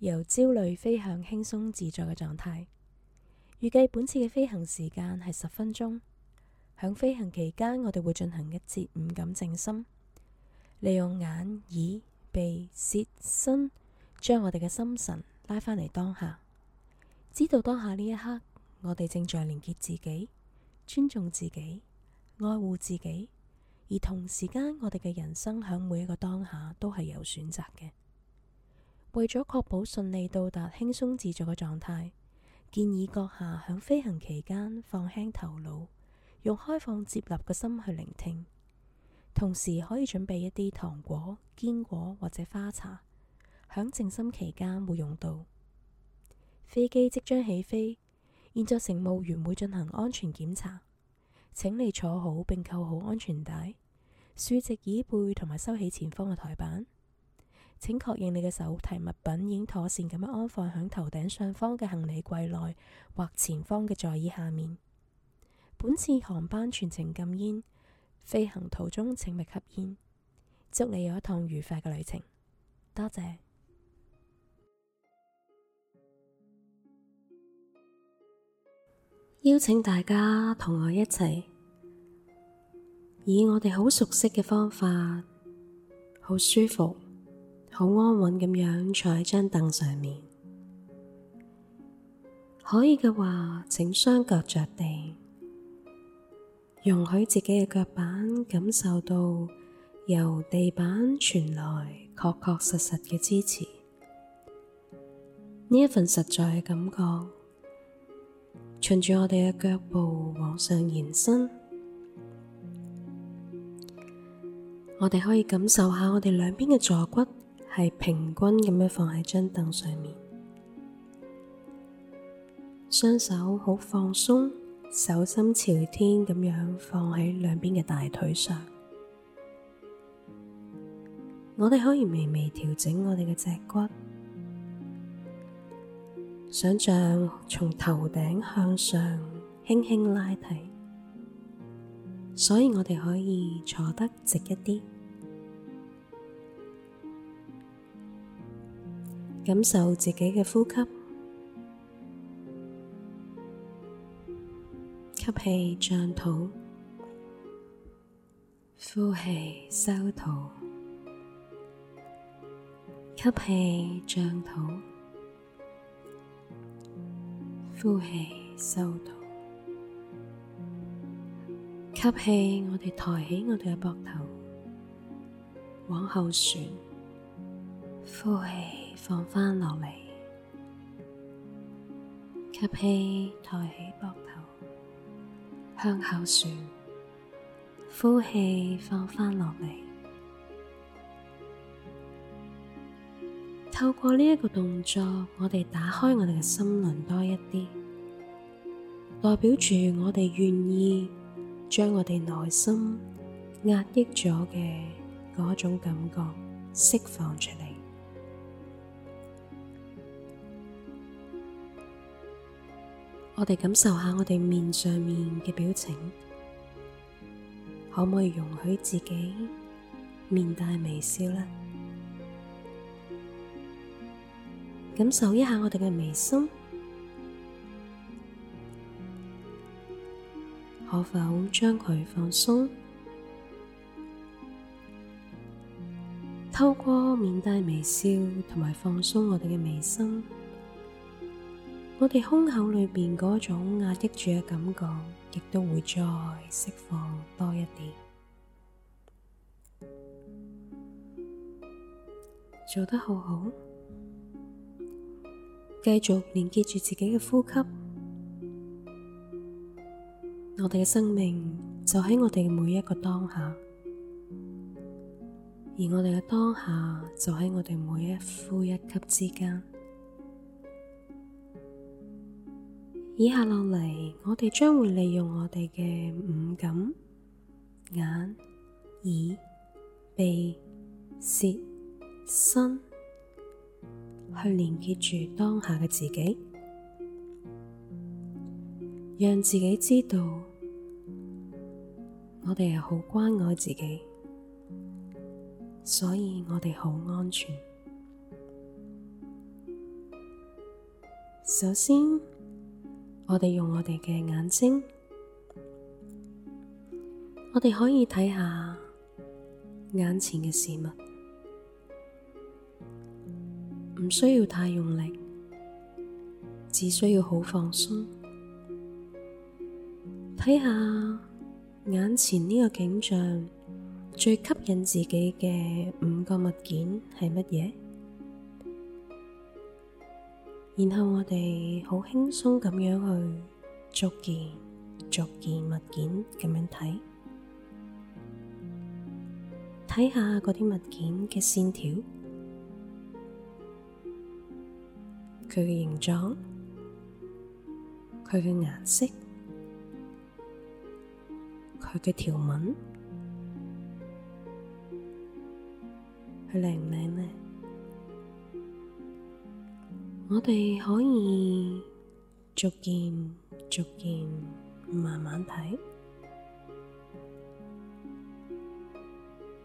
由焦慮飛向輕鬆自在嘅狀態，預計本次嘅飛行時間係十分鐘。響飛行期間，我哋會進行一節五感靜心，利用眼、耳、鼻、舌、身，將我哋嘅心神拉返嚟當下，知道當下呢一刻，我哋正在連結自己、尊重自己、愛護自己，而同時間，我哋嘅人生響每一個當下都係有選擇嘅。為咗確保順利到達輕鬆自在嘅狀態，建議閣下響飛行期間放輕頭腦，用開放接納嘅心去聆聽。同時可以準備一啲糖果、堅果或者花茶，響靜心期間會用到。飛機即將起飛，現在乘務員會進行安全檢查，請你坐好並扣好安全帶，豎直椅背同埋收起前方嘅台板。請確認你嘅手提物品已經妥善咁樣安放喺頭頂上方嘅行李櫃內或前方嘅座椅下面。本次航班全程禁煙，飛行途中請勿吸煙。祝你有一趟愉快嘅旅程，多謝。邀請大家同我一齊，以我哋好熟悉嘅方法，好舒服。好安穩咁樣坐喺張凳上面，可以嘅話，請雙腳着地，容許自己嘅腳板感受到由地板傳來確確實實嘅支持。呢一份實在嘅感覺，循住我哋嘅腳步往上延伸，我哋可以感受下我哋兩邊嘅坐骨。係平均咁樣放喺張凳上面，雙手好放鬆，手心朝天咁樣放喺兩邊嘅大腿上。我哋可以微微調整我哋嘅脊骨，想象從頭頂向上輕輕拉提，所以我哋可以坐得直一啲。感受自己嘅呼吸，吸氣漲肚，呼氣收肚，吸氣漲肚，呼氣收肚，吸氣我哋抬起我哋嘅膊頭，往後旋，呼氣。放返落嚟，吸氣，抬起膊頭，向後旋；呼氣，放返落嚟。透過呢一個動作，我哋打開我哋嘅心輪多一啲，代表住我哋願意將我哋內心壓抑咗嘅嗰種感覺釋放出嚟。我哋感受下我哋面上面嘅表情，可唔可以容許自己面帶微笑呢？感受一下我哋嘅眉心，可否將佢放鬆？透過面帶微笑同埋放鬆我哋嘅眉心。我哋胸口裏邊嗰種壓抑住嘅感覺，亦都會再釋放多一點。做得好好，繼續連接住自己嘅呼吸。我哋嘅生命就喺我哋嘅每一個當下，而我哋嘅當下就喺我哋每一呼一吸之間。以下落嚟，我哋將會利用我哋嘅五感——眼、耳、鼻、舌、身，去連接住當下嘅自己，讓自己知道我哋係好關愛自己，所以我哋好安全。首先。我哋用我哋嘅眼睛，我哋可以睇下眼前嘅事物，唔需要太用力，只需要好放鬆。睇下眼前呢個景象最吸引自己嘅五個物件，係乜嘢？然後我哋好輕鬆咁樣去逐件、逐件物件咁樣睇，睇下嗰啲物件嘅線條，佢嘅形狀，佢嘅顏色，佢嘅條紋，佢靚唔靚呢？我哋可以逐件、逐件、慢慢睇，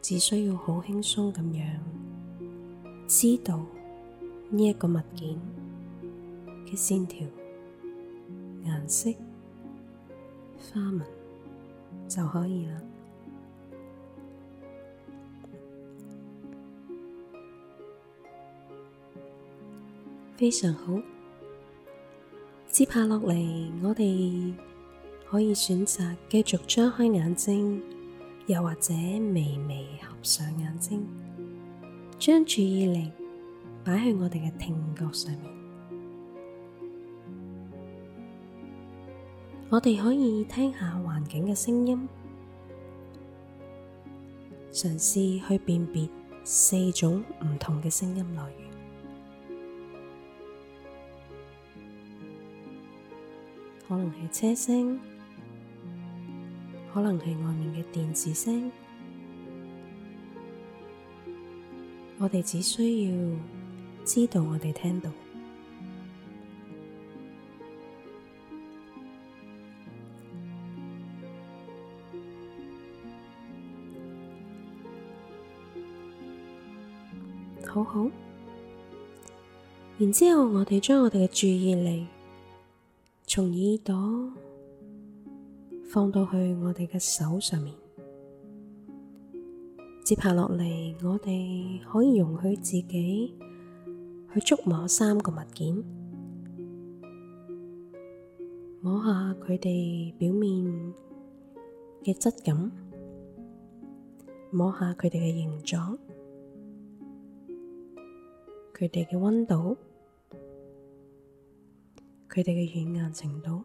只需要好輕鬆咁樣知道呢一個物件嘅線條、顏色、花紋就可以啦。非常好，接下落嚟，我哋可以選擇繼續張開眼睛，又或者微微合上眼睛，將注意力擺去我哋嘅聽覺上面。我哋可以聽下環境嘅聲音，嘗試去辨別四種唔同嘅聲音來源。可能係車聲，可能係外面嘅電視聲，我哋只需要知道我哋聽到，好好。然之後我哋將我哋嘅注意力從耳朵放到去我哋嘅手上面，接下落嚟，我哋可以容許自己去觸摸三個物件，摸下佢哋表面嘅質感，摸下佢哋嘅形狀，佢哋嘅溫度。佢哋嘅軟硬程度，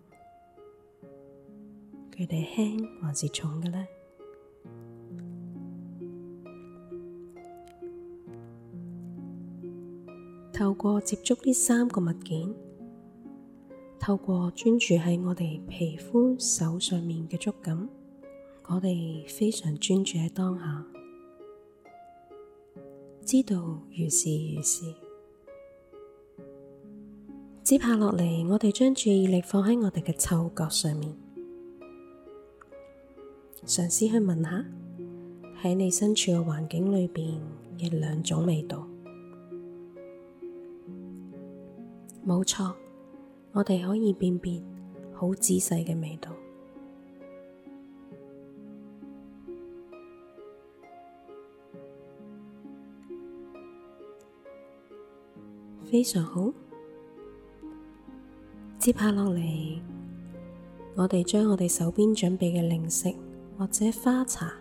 佢哋輕還是重嘅呢？透過接觸呢三個物件，透過專注喺我哋皮膚手上面嘅觸感，我哋非常專注喺當下，知道如是如是。接下嚟，我哋將注意力放喺我哋嘅嗅覺上面，嘗試去聞下喺你身處嘅環境裏邊嘅兩種味道。冇錯，我哋可以辨別好仔細嘅味道，非常好。接下落嚟，我哋將我哋手邊準備嘅零食或者花茶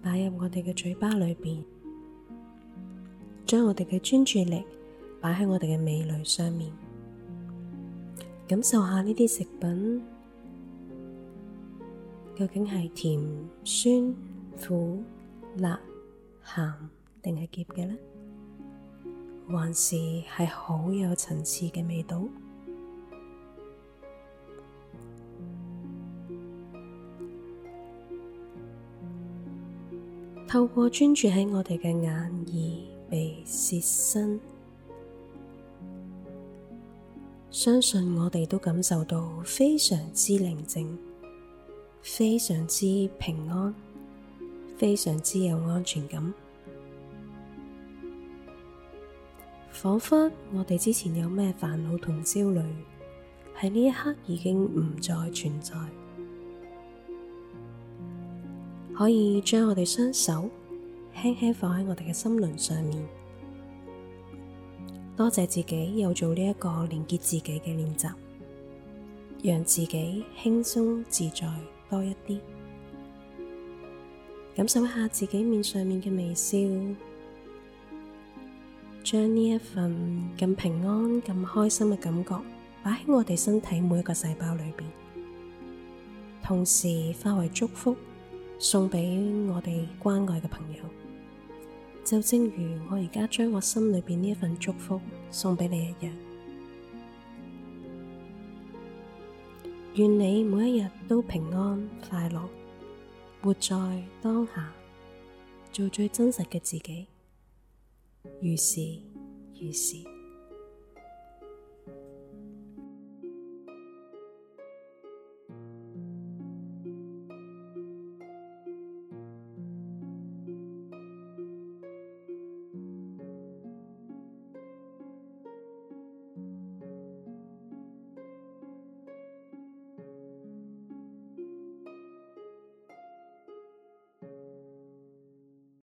擺入我哋嘅嘴巴裏邊，將我哋嘅專注力擺喺我哋嘅味蕾上面，感受下呢啲食品究竟係甜、酸、苦、辣、鹹定係澀嘅呢？還是係好有層次嘅味道。透過專注喺我哋嘅眼耳鼻舌身，相信我哋都感受到非常之寧靜、非常之平安、非常之有安全感。仿佛我哋之前有咩煩惱同焦慮，喺呢一刻已經唔再存在。可以將我哋雙手輕輕放喺我哋嘅心輪上面，多謝自己有做呢一個連結自己嘅練習，讓自己輕鬆自在多一啲，感受一下自己面上面嘅微笑。將呢一份咁平安、咁開心嘅感覺擺喺我哋身體每一個細胞裏邊，同時化為祝福送俾我哋關愛嘅朋友。就正如我而家將我心裏邊呢一份祝福送俾你一樣，願你每一日都平安快樂，活在當下，做最真實嘅自己。如是，如是。